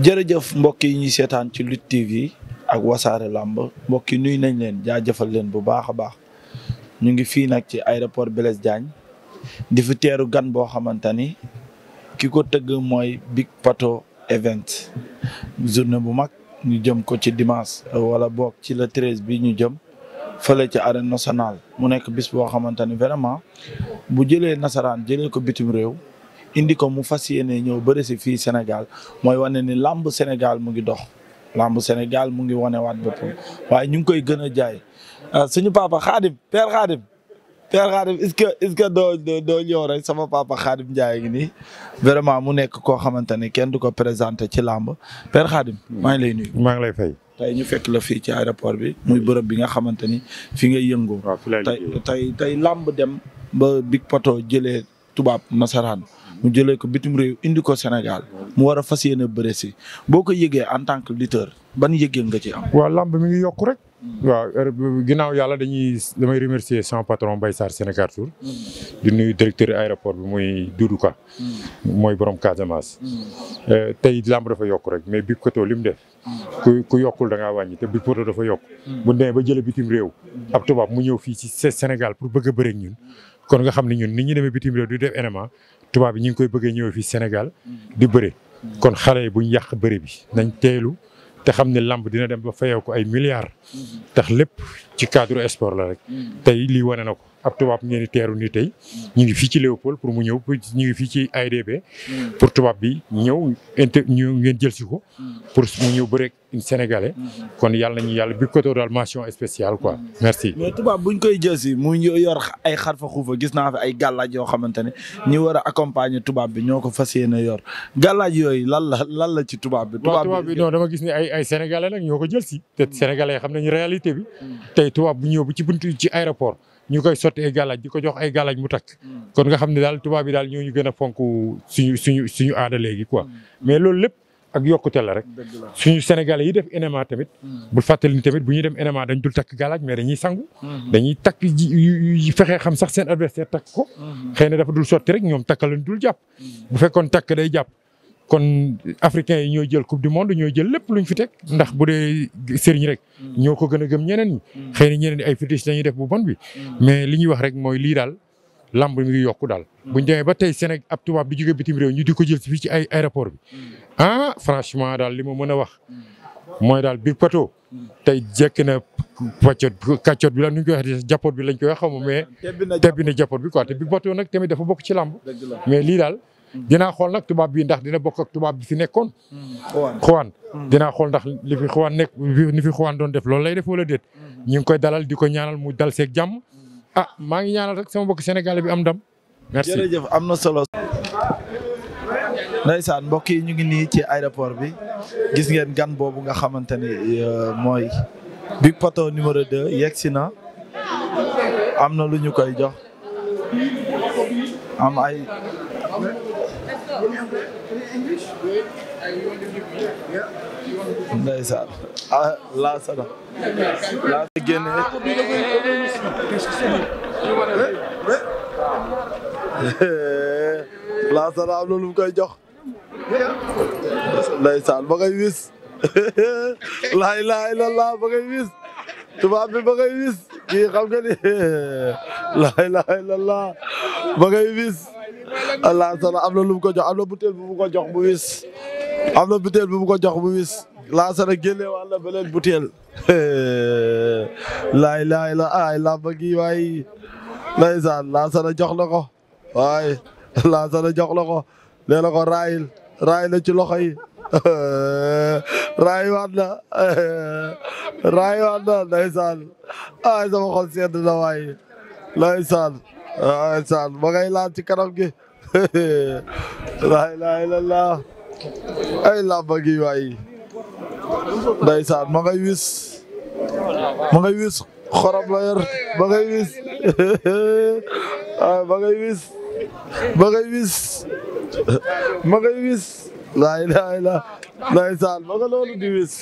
jërëjëf mbokk yi ñuy seetaan ci Lutte TV ak wasaare lamb mbokk yi nuyu nañ leen jëfal leen bu baax a baax ñu ngi fii nag ci aéroport Blaise Diagne di fi teeru gan boo xamante ni ki ko tëgg mooy Big Pato Event journée bu mag ñu jëm ko ci dimanche wala boog ci le treize bi ñu jëm fale ci arène nationale mu nekk bis boo xamante ni vraiment bu jëlee nasaraan jëlee ko bitim réew. indi ko mu fas yéene ñëw bëri si fii Sénégal mooy wane ni làmb Sénégal mu ngi dox làmb Sénégal mu ngi wane waat boppam waaye ñu ngi koy gën a jaay euh, suñu papa Xaadim père Xaadim père Xaadim est-ce que est ñëw rek sama papa Xaadim Ndiaye ngi nii vraiment mu nekk koo xamante ne kenn du ko présenté ci làmb père Xaadim. maa ngi lay nuyu. maa ngi lay fay. tey ñu fekk la fii ci aéroport bi muy bërëb bi nga xamante ni fi ngay yëngoo. tey tey tey làmb dem ba Big Pato jëlee tubaab nasaraan. mu jëlee ko bitim réew indi ko Sénégal mu war a fas yéene bëre si boo ko yëgee en tant que lutteur ban yëgee nga ci am. waaw lamb mi ngi yokku rek. waaw ginaaw yàlla dañuy damay remercier sama patron bay Sarr Sénégal Tour. di nuyu directeur aéroport bi muy Doudou Ka. mooy borom Casamance. Euh, tey lamb dafa yokk rek mais Big Pato li mu def. ku ku yokkul da ngaa wàññi te Big Pato dafa yokk. bu demee ba jëlee bitim réew. ab tubaab mu ñëw fii ci Sénégal pour bëgg a bëreeg ñun. kon xam ne ñun nit ñi tubaab yi ñu ngi koy bëggee ñëw fii senegal di bëre kon xale yi bu ñu yàq bëre bi nañ teelu te xam ne lamb dina dem ba fayoo ko ay milliards tax lépp ci cadre sport la rek mm. tey lii wane na ko ab tubaab ngeen di teeru nii tey ñu ngi fii ci Léopold pour mu ñëw ñu ngi fii ci AIDB pour tubaab bi ñëw inter ñu ngeen jël si ko pour mu ñëw bëreeg sénégalais kon yàlla nañu yàlla bi ko daal mention spéciale quoi merci. mais tubaab buñ koy jël si mu yor ay xarfa xuufa gis naa fi ay gàllaaj yoo xamante ne ñi war a accompagner tubaab bi ñoo ko fas yéene yor gàllaaj yooyu lan la lan la ci tubaab bi. tubaab bi non dama gis ni ay ay sénégalais nag ñoo ko jël si. te sénégalais xam nañu réalité bi. Mm. tey tubaab bu ñëw ci buntu ci aéroport. ñu koy sotti ay galaaj di ko jox ay galaaj mu takk mm. kon nga xam ne daal tubaab bi daal ñoo ñu gën a fonk suñu suñu suñu aada léegi quoi mm. mais loolu lépp ak yokkute la rek suñu sénégalais yi def enema tamit mm. bu fàttali tamit bu ñuy dem enema dañ dul takk galaaj mais dañuy sangu mm-hmm. dañuy takk ji fexee xam sax seen adversaire takk ko mm-hmm. xëy na dafa dul sotti rek ñoom takk lañ dul jàpp bu fekkoon takk day jàpp kon africains yi ñoo jël coupe du monde ñoo jël lépp luñ fi teg ndax bu dee sëriñ rek. ñoo ko gën a gëm ñeneen ñi. Mm. xëy na ñeneen ay fétiche dañuy def bu bon bi. Mm. mais li ñuy wax rek mooy lii daal lamb mi ngi yokk daal. Mm. buñ demee ba tey Sénégal ab tubaab di jóge bitim réew ñu di ko jël fii ci ay aéroport bi. ah franchement daal li ma mën a wax. mooy daal Big Pato. tey jekk na pàccot bi la nu koy jàppoot bi lañ koy wax ma mais. tebbi na jàppoot bi quoi te Big Pato nag bokk ci lamb mais lii daal dinaa xool nag tubaab bii ndax dina bokk ak tubaab bi fi nekkoon. xuwaan mm. dinaa xool ndax li fi xuwaan nekk li fi xuwaan doon def loolu lay def wala déet. Mm. ñu ngi koy dalal di ko ñaanal mu dal seek jàmm. Mm. a ah, maa ngi ñaanal rek sama mbokk sénégalais bi am ndam. merci am na solo. Ndeysaan mbokk yi ñu ngi nii ci aéroport bi gis ngeen gan boobu nga xamante ni euh, mooy Big Pato numéro de yegg si na am na lu ñu koy jox am ay ndeysaan ah laa sada laa sa génne laa sada am lu koy jox ndeysaan ba ngay wis laa ilaaha illallah ba ngay wis tubaab bi ba ngay wis kii xam nga laa ilaaha illallah ba ngay wis allah sala am na lu ko jox am na butéel bu ko jox bu wis am na butéel bum ko jox bu wis laasana génne wàlla beneen butéel laay laay la ay làmb gi waay ndeysaan laasana jox na ko waay laasana jox na ko nee raayil raay la ci loxo yi raay waat na raay waat na ndeysaan ay sama ci kanam gi laa ilaaha illallaah ay làmba gi waay ndeysaan ma ngay wis ma ngay wis xorom la yor ma ngay wis ah ma ngay wis ma ngay wis ma ngay wis laa ilaaha ma nga loolu di wis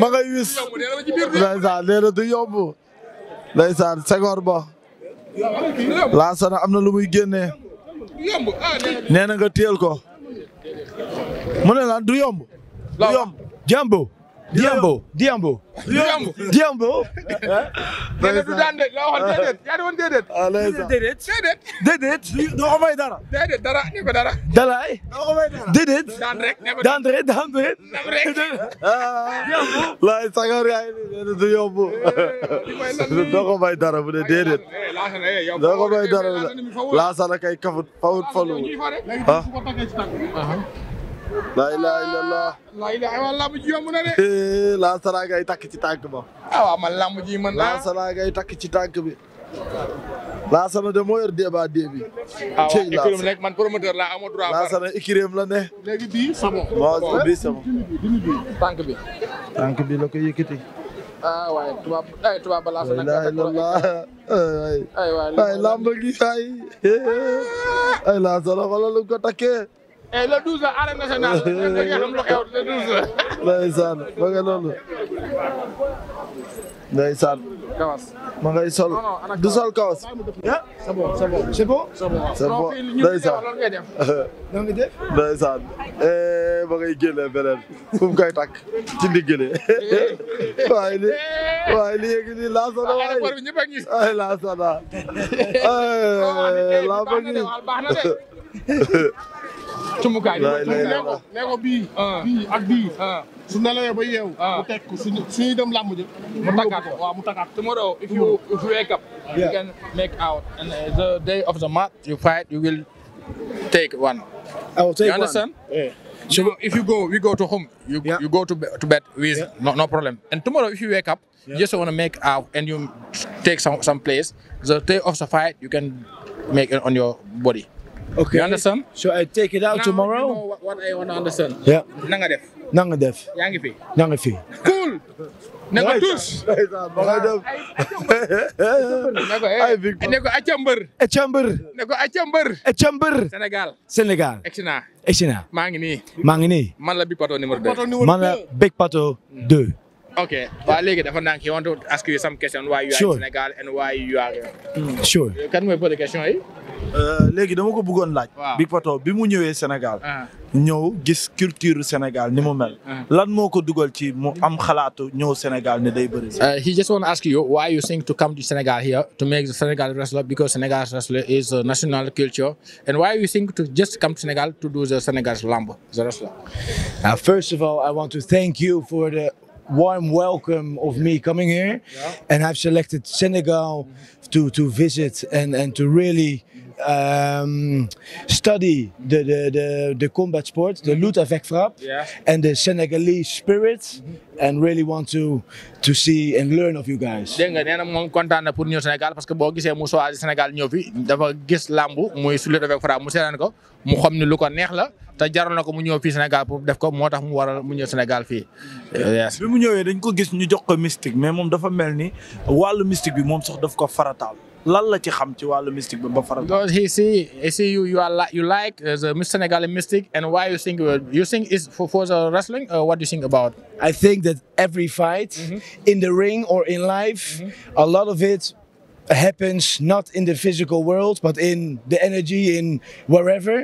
ma ngay wis ndeysaan nee na du yomb ndeysaan segoor ba laasana am na lu muy génnee Ah, nee na nga téyel ko mu ne la du yomb. du yomb jàmbo. Diambo Diambo. Diambo Diambo. déedéet du daan de loo waxoon déedéet yaa di woon déedéet. déedéet déedéet. déedéet. doo ko may dara. déedéet dara ne ko dara. dalaay. doo ko may dara déedéet. daan rek ne ko daan rek daan rek. daan rek. Diambo. laay sagar yaa ngi du yomb. doo ko may dara bu dee déedéet. doo ko may dara bu dee laasana kay kafut fawut falu. ah. laa ilaaha illallah. laa ilaaha takk ci tànk ba. ah waaw ji mën naa. laa takk ci tànk bi. laa sana de moo yor débat débi. ah waaw rek man promoteur laa amoo droit. laa sana la ne. léegi bii tànk bi. bi la ko yëkkati. ah waay tubaab ay ko takkee. et eh, le 12 arène nationale da ngeen xam lu xew le 12. ndeysaan ma nga noonu. ndeysaan. kawas ma ngay sol. du sol kawas. ah c'est bon c'est bon c'est bon. c'est bon ndeysaan ndeysaan eh, ma ngay génne beneen fu mu koy takk ci ndiggale. waaye li waaye li yëg ni laa sonn waaye ay laa sonn ay laa bëgg cumukaay ne ko ne ko bii ah, bii ak bii ah. su nelawee ba ah. dem làmb ji mu tàggaat tomorrow if you wake up you can make out and uh, the day of the match you fight you will take one if you go, to home. You go to bed with yeah. no, problem. And tomorrow, if you wake up, you just want to make out and you take some place. The day of the fight, you can make it on your body. Okay. You understand? Should I take it out now tomorrow? You know what I want to understand. Yeah. Na nga def. Na nga def. Yaa ngi fi. Yaa ngi fi. Cool. Eh. Eh, ne ko tous. ne ko acca mbër. acca mbër. ne ko acca mbër. acca mbër. Sénégal. Sénégal. Exina. Exina. maa ngi nii. maa ngi nii. man la Big Pato numéro 2. man la Big Pato 2. Hmm. Okay. Well, Leke, for now, he want to ask you some question why you are sure. in Senegal and why you are. Sure. Can we put the question here? Euh, léegi dama ko bëggoon laaj. Big Pato bi mu ñëwee Sénégal. Ah. ñëw gis culture Sénégal ni mu mel. Ah. lan moo ko dugal ci mu am xalaatu ñëw Sénégal ne day bëri. Uh, he just want to ask you why you think to come to Sénégal here to make the Sénégal wrestler because Sénégal wrestler is a national culture and why you think to just come to Sénégal to do the Sénégal lamb the wrestler. Uh, first of all, I want to thank you for the warm welcome of me coming here, yeah. and I've selected Senegal mm -hmm. to to visit and and to really. um, study the, the, the, the, combat sport, the luta vec frap, yeah. and the Senegalese spirit, and really want to to see and learn of you guys. dégg nga na moom kontaan na pour ñëw Sénégal parce que boo gisee mu soo senegal Sénégal ñëw fi dafa gis làmbu muy su luta vec frap mu seetaan ko mu xam ni lu ko neex la te jaroon na ko mu ñëw fii Sénégal pour def ko moo tax mu waral mu ñëw Sénégal fii. bi mu ñëwee dañ ko gis ñu jox ko mystique mais moom dafa mel ni wàllu mystique bi moom sax daf ko farataal. lan la ci xam ci wàllu mystique ba faral. because he see he see you you are like you like uh, the Senegalese mystic and why you think uh, you think is for, for the wrestling uh, what do you think about. I think that every fight. Mm -hmm. in the ring or in life. Mm -hmm. a lot of it happens not in the physical world but in the energy in wherever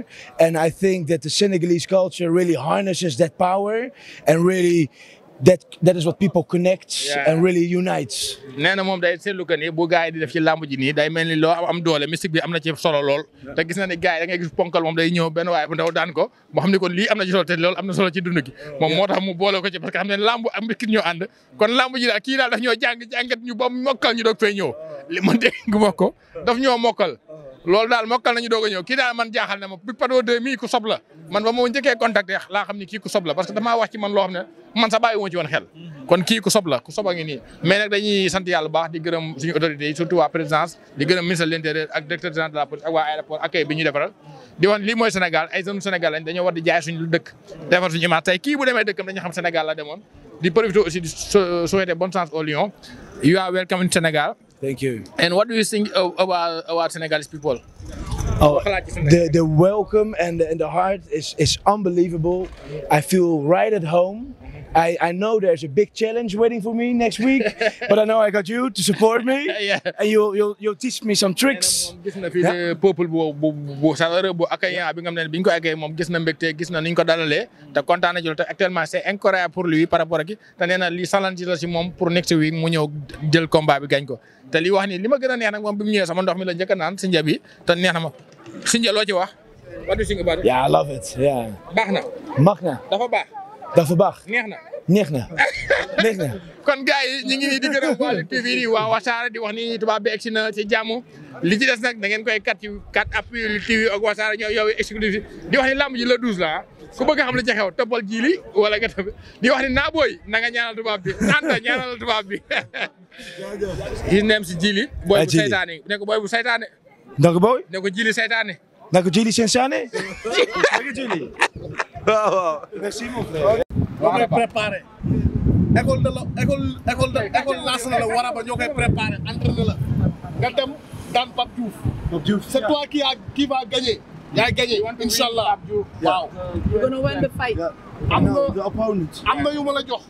and I think that the Senegalese culture really harnesses that power and really. that is what people connect and really unites. nee na day seetlu bu gars di def ci làmb ji nii day mel loo am doole mystique bi am na ci solo lool. te gis na ni gars gis ponkal moom day ñëw benn waaye daan ko moo am na solo ci dund gi. moom mu boole ko ci parce que xam ne làmb am mystique ñoo ànd. kon làmb ji daal kii daal daf ñoo jàng jàngat ba mokkal ñu doog fee ñëw li loolu daal mokkal nañu doog a ñëw kii daal man jaaxal na ma bi Pado 2 mii ku sob la man ba moo njëkkee contacté laa xam ni kii ku sob parce que damaa wax ci man loo xam ne man sa bàyyi xel kon kii ku sob ku soba nii mais nag dañuy sant yàlla baax di gërëm suñu autorités yi surtout waa présidence di gërëm ministre de l'intérieur ak directeur général de la police ak waa aéroport accueil bi ñu defaral di wax lii mooy Sénégal ay jeunes Sénégal lañ dañoo war di jaay suñu dëkk defar suñu image tey kii bu demee dëkkam dañu xam Sénégal la demoon di profiter aussi di Thank you. And what do you think about about Senegalese people? Oh, the, the welcome and the, and the heart is, is unbelievable. I feel right at home. I, I know there's a big challenge waiting for me next week, but I know I got you to support me. And you, teach me some tricks. na fi peuple bu bu bu chaleureux bu accueillant bi nga xam ne ko accueillir moom gis na mbégte gis na ni ñu ko dalalee. te kontaan na ci te actuellement c' est incroyable pour lui par rapport ak te nee na li challenge la si moom pour next week mu ñëw jël bi gañ ko. te li wax ni li ma gën a neex nag moom bi mu ñëwee sama ndox mi la njëkk a naan si njab yi te neex ma si njaloo wax. what do you think baax na. baax dafa baax neex na neex na neex kon gars yi ñu ngi nii waa Lutte TV di wax ni tubaab bi egg na ci jàmm li ci des nag da ngeen koy kat ci kat appui Lutte TV ak Wassare ñoo yow exclusif di wax ni làmb ji la douze la ku bëgg a xam li ci xew toppal ji wala nga topp di wax ni naa booy na nga ñaanal tubaab bi Anta ñaanal tubaab bi. di neem si ji li. booy ah, bu saytaane ne ko booy bu saytaane. donc booy. ne ko ji li saytaane. ne ko ji li saytaane. waaw waaw. merci mon frère. ñoo koy préparé. école de la école école de école laas la a ba ñoo koy préparé entraîné la nga dem daan Pape Diouf. Pape Diouf c'est toi qui a qui va gagner. yaa gagné incha allah waaw. yu ma la jox.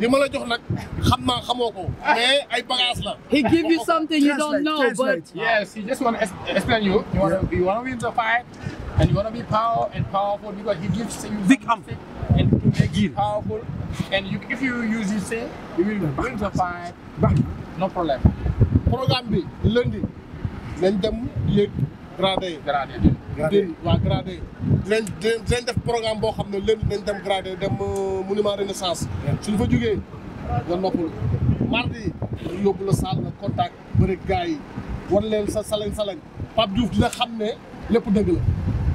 li ma la jox nag xam naa xamoo ko. mais ay bagages la. he give you something you don't know but. yes he just want to explain you. you want to win the fight. And you want to be power and powerful because he gives you big arm and to make you powerful. And you, if you use this thing, you will win the fight. No problem. Programme bi lundi nañ dem yéeg gradé yi. gradé yi gradé waaw gradé yi. dinañ dinañ def programme boo xam ne lundi nañ dem gradé dem euh, monument renaissance. suñ fa jugee nga noppalu. mardi ñu yóbbu la salle nga contact bëri gars yi wan leen sa salañ salañ Pape Diouf dina xam ne lépp dëgg la.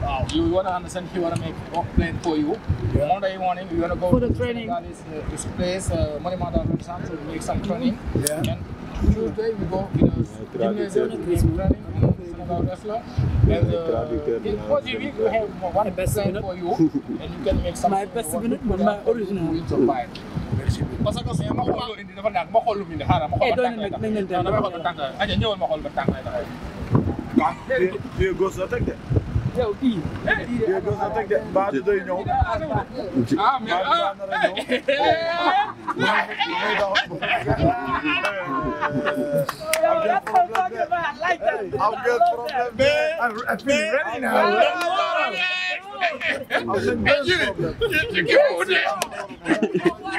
Ah, wow, you want to understand, he want to make rock plane for you. Yeah. Monday morning, you want to go for the to training. This, uh, this place, uh, Monimata Ramsan, to make some mm-hmm. training. Yeah. And Tuesday, we go in a gymnasium, it's training, Senegal wrestler. And uh, for the week, we have one best plane for you, and you can make some. My best minute, my original. You survive. parce que ma xool indi dafa naan ma xool lu mu indi xaaral ma xool ba tànk lay tax damay xool ba tànk lay tax aja ñëwal ma xool ba tànk lay tax waaw léegi góor soo teg de yow kii. mbaa du doy ñëw. ah mais ah. am ngeen problème de. am ngeen problème